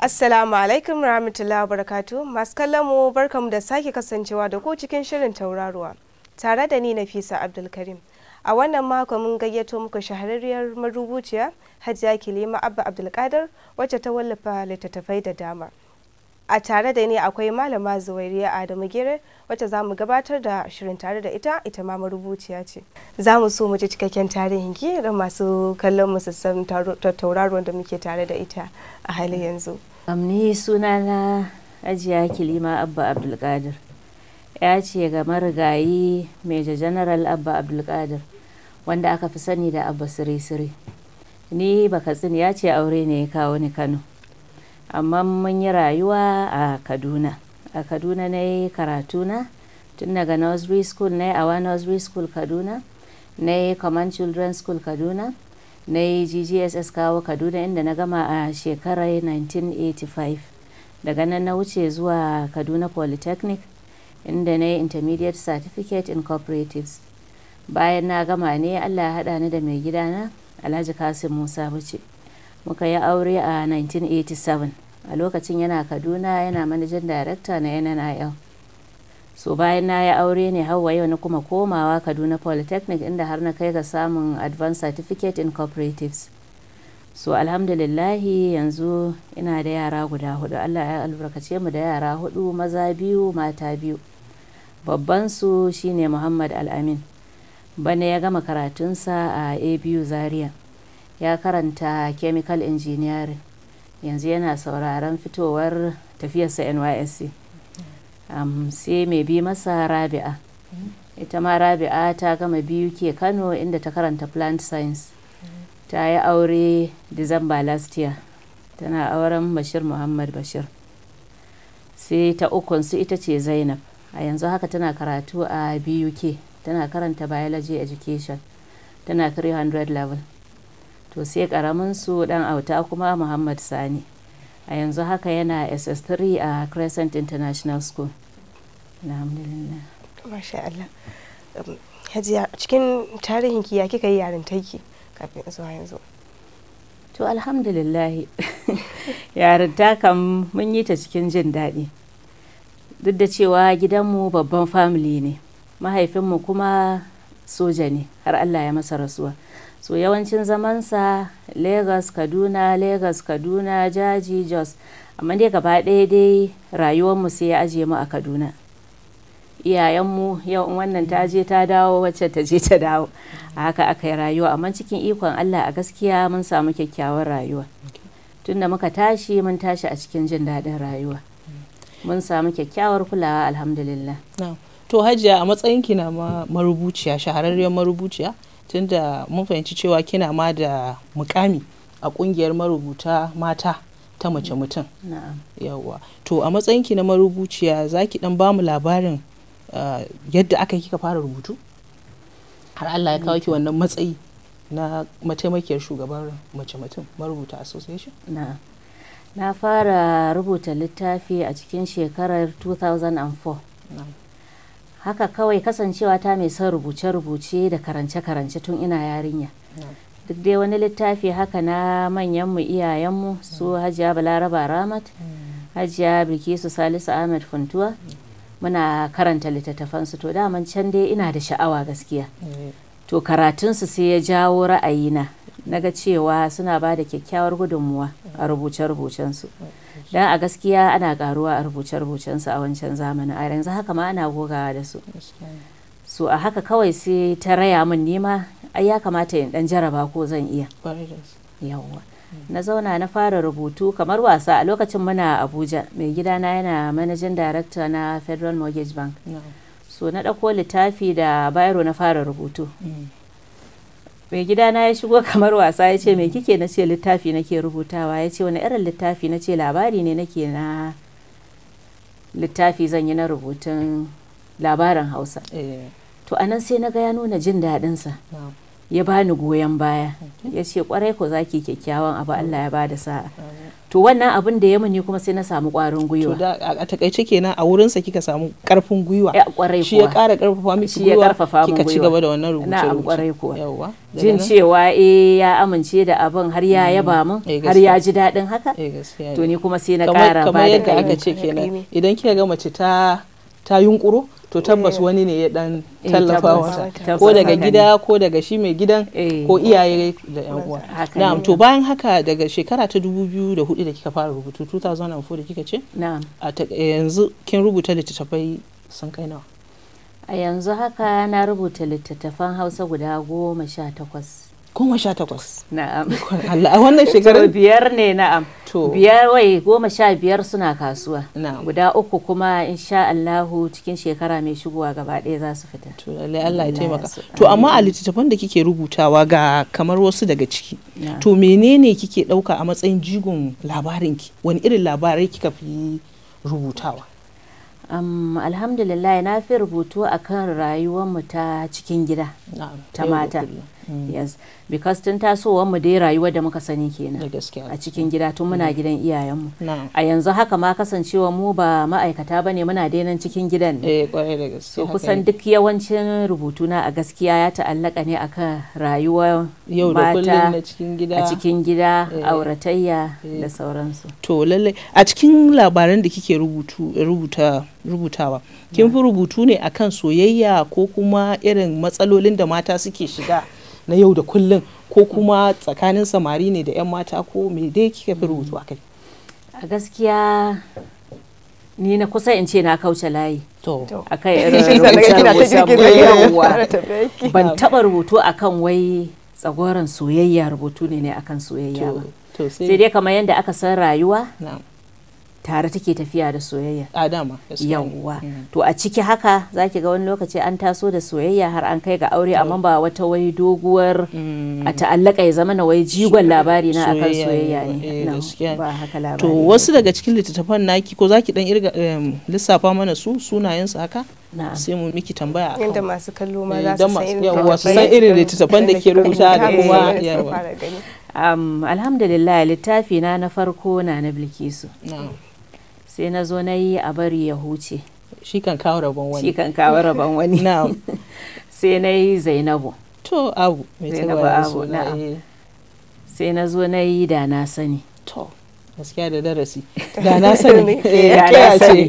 Assalamu alaikum rahmatullahi barakatu masu kallon mu barkamu da sake kasancewa da ku cikin shirin tauraruwa tare da ni Nafisa Abdulkarim. A wannan mako mun gayyato muku shahararriyar marubuciya Hajiya Kilima Abba Abdulkadir wacce ta wallafa littattafai da dama. a tare da ni akwai malama zuwairiya adamu gere wacce za mu gabatar da shirin tare da ita ita ma marubuciya ce za mu so mu ji cikakken tarihin gira masu kallon mu su tauraron da muke tare da ita a halin yanzu amni suna na ajiya kilima abba abdulkadir ya ce ga marigayi major general abba abdulkadir wanda aka fi sani da abba siri-siri ni baka tsini ya ce aure ne ya kawo ni kano amma mun yi rayuwa a kaduna a kaduna na yi karatuna tun daga nursery school na yi awa nursery school kaduna na yi common children school kaduna na yi ggss kawo kaduna inda na gama a shekarar 1985 daga nan na wuce zuwa kaduna polytechnic inda na yi intermediate certificate in cooperatives bayan na gama ne allah ya haɗa ni da mai gidana alhaji kasim musa wuce muka yi aure a 1987 a lokacin yana kaduna yana manajan director na nnil so bayan na yi aure ne hawa yau na kuma komawa kaduna polytechnic inda har na kai ga samun advanced certificate in cooperatives so alhamdulillahi yanzu ina da yara guda hudu allah ya albarkace mu da yara hudu maza biyu mata biyu babban su shine muhammad al'amin bana ya gama karatunsa a abu zaria ya karanta chemical engineering yanzu yana sauraron fitowar tafiyarsa nysc um, sai mai bi masa rabi'a ita ma rabi'a ta gama biyu ke kano inda ta karanta plant science ta yi aure disamba last year tana auren bashir muhammad bashir sai ta ukunsu ita ce zainab a yanzu haka tana karatu a buk tana karanta biology education tana 300 level to sai karamin su dan auta kuma muhammad sani a yanzu haka yana ss3 a crescent international school alhamdulillah masha Allah um, hajiya cikin tarihin ki ya kika yi taiki kafin zuwa yanzu to alhamdulillah yarinta kam mun yi ta cikin jin daɗi duk da cewa gidanmu babban family ne mahaifinmu kuma soja ne har Allah ya masa rasuwa so yawancin zamansa lagos kaduna lagos kaduna jaji jos amma dai gaba ɗaya dai rayuwarmu sai ya ajiye mu a kaduna iyayenmu yau in wannan ta je ta dawo wacce ta je ta dawo a haka aka yi rayuwa amma cikin ikon allah a gaskiya mun samu kyakkyawar rayuwa tunda muka tashi mun tashi a cikin jin daɗin rayuwa mun samu kyakkyawar kulawa alhamdulillah to hajiya a matsayinki na marubuciya shahararriyar marubuciya tunda mun fahimci cewa kina ma da mukami a kungiyar marubuta mata ta mace mutum yawwa to a matsayinki na marubuciya za ki dan bamu labarin eh, yadda aka yi kika fara rubutu har allah ya kawo ki wannan matsayi na mataimakiyar shugaban mace mutum marubuta association na fara rubuta littafi a cikin shekarar 2004 haka kawai kasancewa ta mai son rubuce-rubuce da karance-karance tun ina yarinya duk dai wani littafi haka na manyanmu iyayenmu su hajiya balaraba ramat hajiya bikisu salisu ahmed funtuwa muna karanta littattafansu to daman can dai ina da sha'awa gaskiya to karatunsu sai ya jawo ra'ayina na ga cewa suna ba da kyakkyawar gudunmuwa a rubuce-rubucensu. su don a gaskiya ana karuwa a rubuce rubucen su a wancan zamani a yanzu haka ma ana gogawa da su so a haka kawai sai ta raya min nema ai ya kamata in dan jaraba ko zan iya yawwa mm. na zauna na fara rubutu kamar wasa a lokacin muna abuja mai gida na yana manajan director na federal mortgage bank so na ɗauko littafi da bayro na fara rubutu mm. mai gida na ya shigo kamar wasa ya ce mai kike na ce littafi nake rubutawa ya ce wani irin littafi na ce labari ne nake na littafi zan yi na rubutun labarin hausa eh. to anan sai na ga ya nuna jin daɗinsa ya bani goyon baya ya ce kwarai ko zaki kyakkyawan abu allah ya ba da sa'a to wannan abin da ya ne kuma sai na samu kwarin gwiwa to da a takaice kenan a wurinsa kika samu karfin gwiwa shi ya kara karfafa miki gwiwa kika ci gaba da wannan rubuce rubuce na kwarai kuwa jin cewa eh ya amince da abin har ya mm. yaba min eh, har ya ji dadin haka eh, to ni kuma sai na kara ba da kamar yadda aka ce kenan idan kika ga mace ta ta yunkuro to eh. tabbas wani ne ya dan eh, tallafa mata ko daga gida ko daga shi mai gidan eh. ko iyaye da yan uwa na'am to bayan haka daga shekara ta 2004 da kika fara rubutu 2004 da kika ce na'am a yanzu kin rubuta littattafai sun kai nawa a yanzu haka na rubuta littattafan Hausa guda goma sha takwas goma sha takwas na'am Allah wannan shekarun biyar ne na'am to biyar wai goma sha biyar suna kasuwa guda uku kuma insha Allahu cikin shekara mai shigowa gaba ɗaya za su fita to Allah ya taimaka to amma a littattafan da kike rubutawa ga kamar wasu daga ciki to menene kike ɗauka a matsayin jigon labarinki wani irin labarai kika fi rubutawa um, alhamdulillah na fi rubutu akan rayuwar mu ta cikin gida ta mata Mm. yes because tun tasowar mu dai rayuwar da muka sani kenan a cikin gida tun muna mm. gidan iyayenmu a yanzu haka ma kasancewa mu ba ma'aikata ba ne muna dainan cikin gidan ne eh, so kusan duk yawancin rubutu na a gaskiya ya ta'allaka ne akan rayuwar mata a cikin gida eh. auratayya eh. da sauransu to lalle a cikin labaran da kike rubuta rubutawa kin fi rubutu ne akan soyayya ko kuma irin matsalolin da mata suke shiga na yau da kullum ko kuma tsakanin samari ne da 'yan mata ko me dai kika fi rubutu a kai a gaskiya ni na kusa in ce na kauce layi a kai ban taɓa rubutu akan wai tsagoran soyayya rubutu ne ne akan soyayya ba sai dai kamar yadda aka san rayuwa tare take tafiya da soyayya a dama yawwa mm. to a ciki haka zaki ga wani lokaci an taso da soyayya har an kai ga aure amma ba wata wai doguwar mm. a ta'allaka ya zama na wai jigon labari na akan soyayya ne eh, ba haka labari to wasu daga cikin littattafan naki ko zaki dan irga lissafa mana su sunayen su haka sai mu miki tambaya akan inda masu kallo ma eh, za su san irin san irin littattafan da ke rubuta da kuma yawwa alhamdulillah littafi na na farko na na bilkisu sai na zo na yi a bari ya huce shi kan kawo rabon wani shi kan kawo rabon wani sai na yi zainabu to abu zainabu abu na. Eh. sai na zo na yi da na sani to gaskiya da darasi da na sani da na eh, sani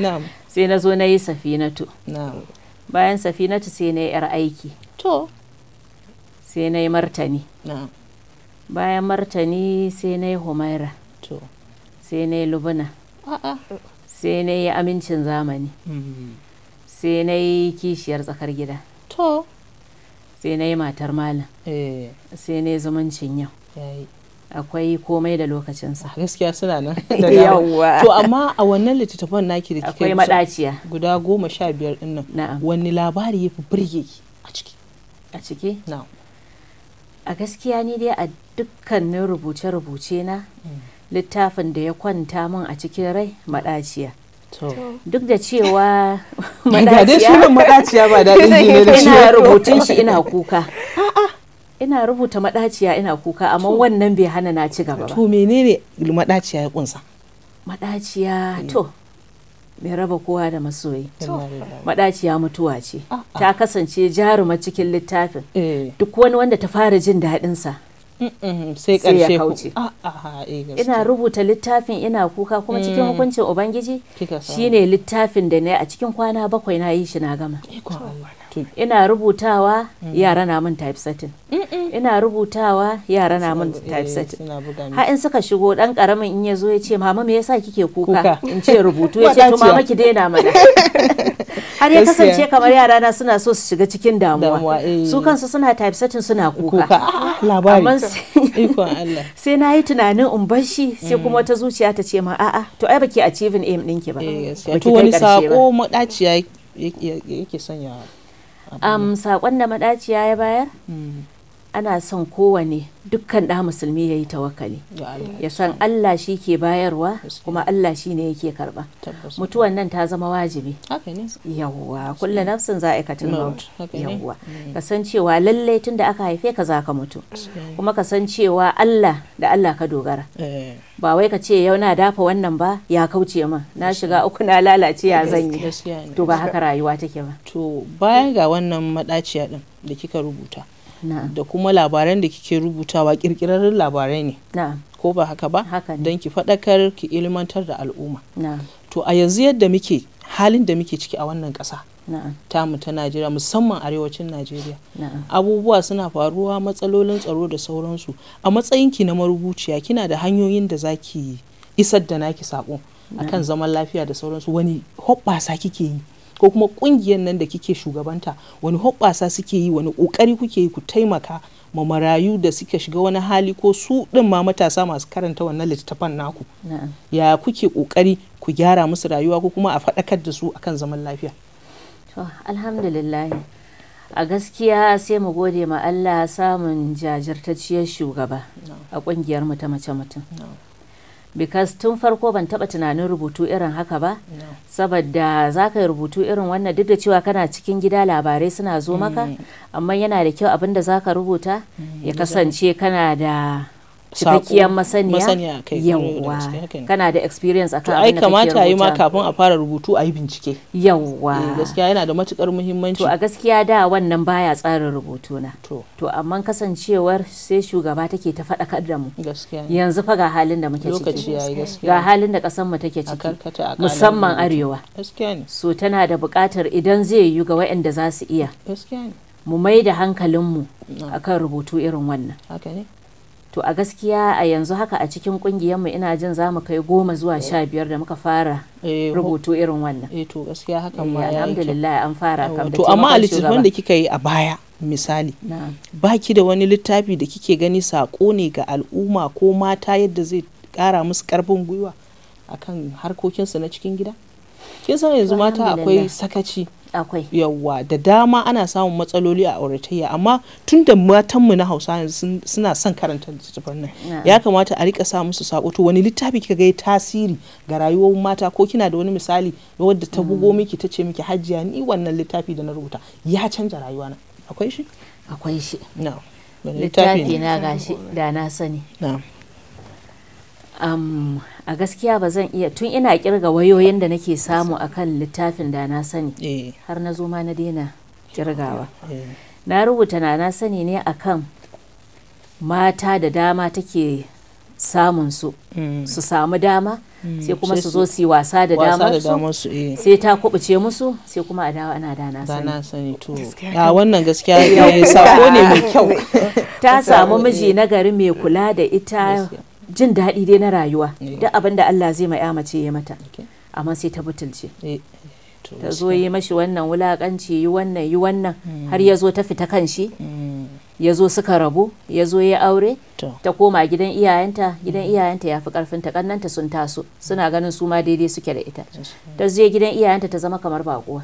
na'am sai na zo na yi safinatu na'am bayan safinatu sai na yi yar aiki to sai na yi martani na'am bayan martani sai na yi humaira to sai na yi lubuna sai na yi amincin zamani mm-hmm. sai na yi kishiyar tsakar gida to sai na yi matar malam eh. sai na yi zumuncin yau akwai komai da lokacinsa ah, gaskiya suna nan yawwa to amma a wannan littattafan naki da kike madaciya guda goma sha biyar din nan wani labari ya fi burge ki a ciki a ciki a gaskiya ni dai a dukkanin rubuce-rubuce na mm. littafin da ya kwanta min a cikin rai maɗaciya duk da cewa maɗaciya ba daɗin ji ne da shi ina rubutun shi ina kuka ina rubuta maɗaciya ina kuka amma wannan bai hana na ci gaba ba to menene maɗaciya ya kunsa maɗaciya hmm. to mai raba kowa da masoyi maɗaciya mutuwa ce ta kasance jaruma cikin littafin eh. duk wani wanda ta fara jin daɗinsa sai ya kauce eh, ina rubuta littafin ina kuka kuma cikin mm. hukuncin ubangiji shine littafin da na a cikin kwana bakwai na yi shi na gama ake ina rubutawa yara na min eh, typesetting ina rubutawa yara na min typesetting ha in suka shigo dan karamin in ya zo ya ce mama me yasa kike kuka in ce rubutu ya ce to mama ki daina mana har ya kasance kamar yara na suna so su shiga cikin damuwa eh. su kansu suna typesetting suna kuka ah, ah, labari sai na yi tunanin in bar shi sai kuma mm. wata zuciya ta ce ma a'a to ai baki achieving aim ɗinki ba eh, to wani sako madaciya yake sanya saƙon da maɗaciya ya bayar hmm. ana son kowane dukkan ɗa musulmi ya yi tawakali ya san Allah shi ke bayarwa kuma Allah shi ne yake karba mutuwan nan ta zama wajibi yawwa kulla nafsin za a ikatin yawwa mm. ka san cewa lalle tun da aka haife ka za ka mutu kuma ka cewa Allah da Allah ka dogara eh. ba wai ka ce yau na dafa wannan ba ya kauce min na shiga uku na lalace ya zan yi to ba haka rayuwa take ba to bayan ga wannan madaciya din da kika rubuta da kuma labaran da kike rubutawa kirkirarren labarai ne ko ba haka ba don ki faɗakar ki ilmantar da al'umma to a yanzu yadda muke halin da muke ciki a wannan ƙasa tamu ta najeriya musamman arewacin najeriya abubuwa suna faruwa matsalolin tsaro da sauransu a matsayinki na marubuciya kina da hanyoyin da za zaki isar da naki sako akan zaman lafiya da sauransu wani hoɓɓasa kike yi ko kuma kungiyar nan da kike shugabanta wani hoɓɓasa suke yi wani ƙoƙari kuke yi ku taimaka ma marayu da suke shiga wani hali ko su ɗin ma matasa masu karanta wannan littattafan naku ya kuke ƙoƙari ku gyara musu rayuwa ko kuma a faɗakar da su akan zaman lafiya alhamdulillah a gaskiya sai mu gode ma Allah samun jajirtacciyar shugaba a kungiyar mu ta mace mutum because tun farko ban taba tunanin rubutu irin haka ba saboda za ka yi rubutu irin wannan duk da cewa kana cikin gida labarai suna zo maka mm. amma yana da kyau abin da za ka rubuta mm. ya kasance kana da cikakkiyar masaniya yawwa kana da experience akan abin da kake rubuta kamata yi ma kafin a fara rubutu a yi bincike yawwa eh, gaskiya yana da matukar muhimmanci to a gaskiya da wannan baya tsarin rubutu na to amma kasancewar sai shugaba take ta faɗakar da mu yanzu fa ga halin da muke ciki ga halin da ƙasar mu take ciki musamman arewa so tana da buƙatar idan zai yiwu ga waɗanda za su iya mu mai da hankalinmu akan rubutu irin wannan to a gaskiya a yanzu haka a cikin kungiyarmu ina jin za mu kai goma zuwa eh. sha biyar da muka fara eh, rubutu irin wannan eh to gaskiya haka ma eh, alhamdulillah an fara kam to amma a littattafan da kika yi a baya misali baki da wani littafi da kike gani sako ne ga al'umma ko mata yadda zai kara musu karfin gwiwa akan harkokinsu na cikin gida kin san yanzu mata akwai sakaci akwai yawwa da dama ana samun matsaloli a auratayya amma tun da matanmu na hausa suna son karanta littattafan nan ya kamata a rika sa musu sako to wani littafi kika ga tasiri ga rayuwar mata ko kina da wani misali wadda ta bugo mm. miki ta ce miki hajjiya ni wannan littafi da na rubuta ya canza rayuwa na akwai shi akwai shi littafi na gashi da na sani Um, a gaskiya ba zan iya tun ina kirga wayoyin da nake samu akan littafin da na sani eh. har na zo ma na daina kirgawa eh. na rubuta na na sani ne akan mata da dama take samun su mm. su samu dama mm. sai kuma su zo su yi wasa da dama su eh. sai ta kubuce musu sai kuma a dawa ana dana sani sani to a ah, wannan gaskiya sako ne mai kyau ta samu miji na gari mai kula da ita jin daɗi dai na rayuwa eh. duk abin da Allah zai ma ya ya mata amma sai ta butulce eh, eh, ta zo yi mashi wannan wulakanci yi wannan yi wannan hmm. har ya zo ta fita kan shi hmm. ya zo suka rabu ya zo ya aure ta koma gidan iyayenta gidan hmm. iyayenta ya fi karfin ta kannanta sun taso suna ganin su ma daidai suke da ita ta zo gidan iyayenta ta zama kamar baƙuwa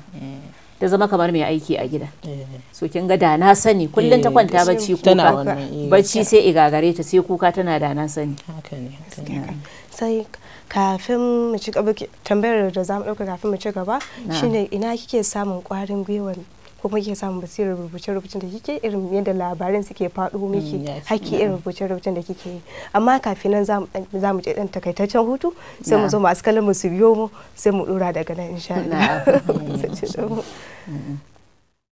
ta zama kamar mai aiki a gida eh. so kin ga da na sani kullum ta eh, kwanta bacci kuka eh, bacci sai igagare ta sai kuka tana da na sani sai kafin mu ci gaba tambayar da zamu dauka kafin mu ci gaba shine ina kike samun kwarin gwiwa ko kuma kike samun basirar rubuce rubucin da kike irin yadda labaran suke faɗo mm, miki haƙƙi irin rubuce-rubucen da kike yi amma kafin nan za mu je ɗan takaitaccen hutu sai mu zo masu kallon mu su biyo mu sai mu ɗora daga nan insha Allah. Mm-mm.